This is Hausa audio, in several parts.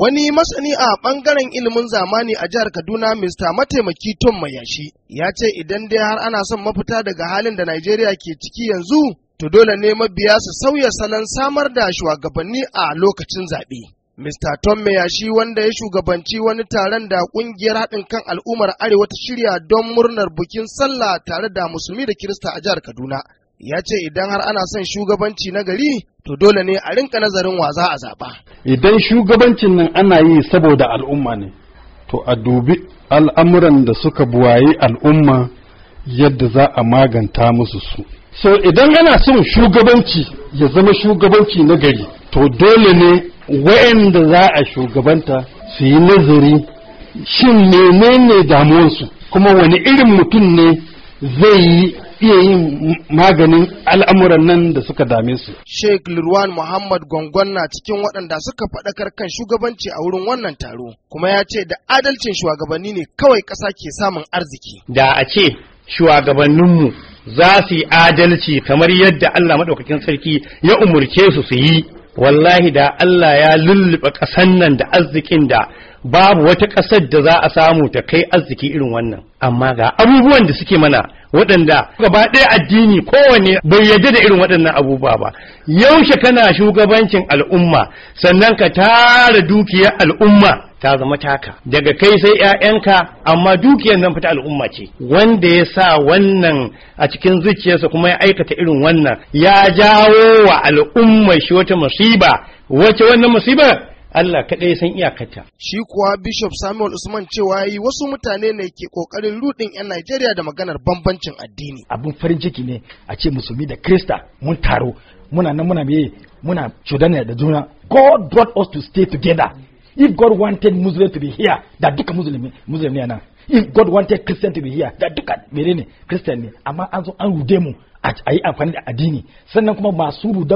Wani masani a ɓangaren ilimin zamani a jihar Kaduna Mr. Mataimaki Tom Mayashi ya ce idan dai har ana son mafita daga halin da Najeriya ke ciki yanzu, to dole ne mabiya su sauya salon samar da shugabanni a lokacin zaɓe. Mr. Tom Mayashi wanda ya shugabanci wani taron da ƙungiyar haɗin kan al'ummar Arewa ta shirya don murnar bukin sallah tare da musulmi da Kirista a jihar Kaduna. Ya ce idan har ana son shugabanci na gari, to dole ne a rinka nazarin wa za a zaɓa. idan shugabancin nan ana yi saboda al'umma ne to a dubi al'amuran da suka buwaye al'umma yadda za a maganta musu su so idan ana son shugabanci ya zama shugabanci na gari to dole ne wa'anda za a shugabanta su yi nazari shin menene damuwarsu kuma wani irin mutum ne zai yi iya yin maganin al'amuran nan da suka dame su. Sheikh Lurwan Muhammad Gwangwan na cikin waɗanda suka faɗakar kan shugabanci a wurin wannan taro, kuma ya ce da adalcin shugabanni ne kawai ƙasa ke samun arziki. Da a ce shugabanninmu za su yi adalci kamar yadda Allah maɗaukakin sarki ya umurce su su yi. Wallahi da Allah ya lulluɓe ƙasan nan da arzikin da babu wata ƙasar da za a samu ta kai arziki irin wannan. Amma ga abubuwan da suke mana waɗanda gaba ɗaya addini kowane bai yadda da irin waɗannan abubuwa ba yaushe kana shugabancin al'umma sannan ka tara dukiyar al'umma ta zama taka daga kai sai 'ya'yanka amma dukiyar nan fita al'umma ce wanda ya sa wannan a cikin zuciyarsa kuma ya aikata irin wannan ya jawo wa al'umma shi wata musiba wace wannan musibar Allah kaɗai san iyakata. Shi kuwa Bishop Samuel Usman cewa yi wasu mutane ne ke ƙoƙarin rudin 'yan Najeriya da maganar bambancin addini. Abin farin ciki ne a ce musulmi da Krista mun taro muna nan muna meye muna cudanya da juna. God brought us to stay together. If God wanted Muslim to be here, da duka Muslim Muslim ne nan. If God wanted Christian to be here, da duka ne Christian ne. Amma an zo an rude mu a yi amfani da addini sannan kuma masu rude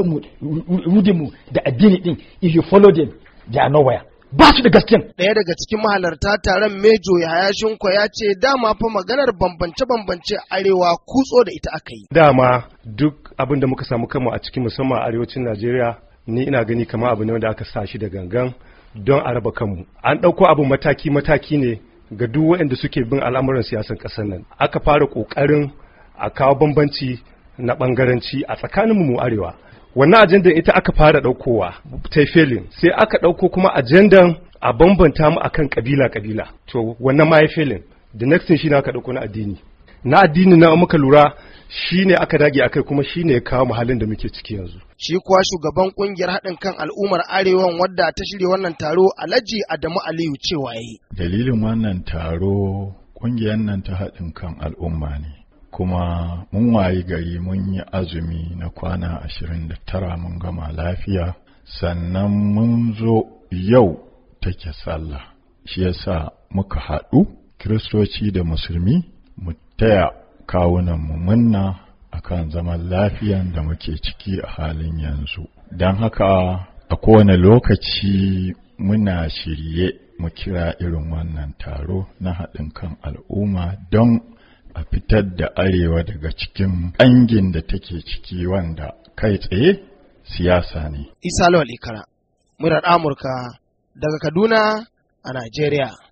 mu da addini ɗin if you follow them they are nowhere ba su da gaskiyan. Ɗaya daga cikin mahalarta taron Mejo Yahaya Shinko ya ce dama fa maganar bambance-bambance arewa kutso da ita aka yi. Dama duk abin da muka samu kanmu a cikin musamman arewacin Najeriya ni ina gani kama abu ne da aka sa shi da gangan don a raba kanmu. An ɗauko abin mataki-mataki ne ga duk waɗanda suke bin al'amuran siyasan ƙasar nan. Aka fara ƙoƙarin a kawo bambanci na ɓangaranci a tsakaninmu mu arewa. wannan ajandan ita aka fara ɗaukowa ta failing sai aka ɗauko kuma ajandan a bambanta mu akan kabila kabila to wannan ma ya failing the next thing shine aka ɗauko na addini na addini na muka lura shine aka dage akai kuma shine ya kawo halin da muke ciki yanzu shi kuwa shugaban kungiyar haɗin kan al'ummar arewan wadda ta shirya wannan taro alhaji adamu aliyu cewa yi dalilin wannan taro kungiyar nan ta haɗin kan al'umma ne kuma mun wayi gari mun yi azumi na kwana ashirin da tara mun gama lafiya sannan mun zo yau take sallah shi yasa muka haɗu kiristoci da musulmi mu taya kawunan kawunanmu munna akan zaman lafiyan da muke ciki a halin yanzu don haka a kowane lokaci muna shirye mu kira irin wannan taro na haɗin kan al'umma don a fitar da arewa daga cikin angin da take ciki wanda kai tsaye siyasa ne. Isa Lawal Ikara, murar Amurka daga Kaduna a Najeriya.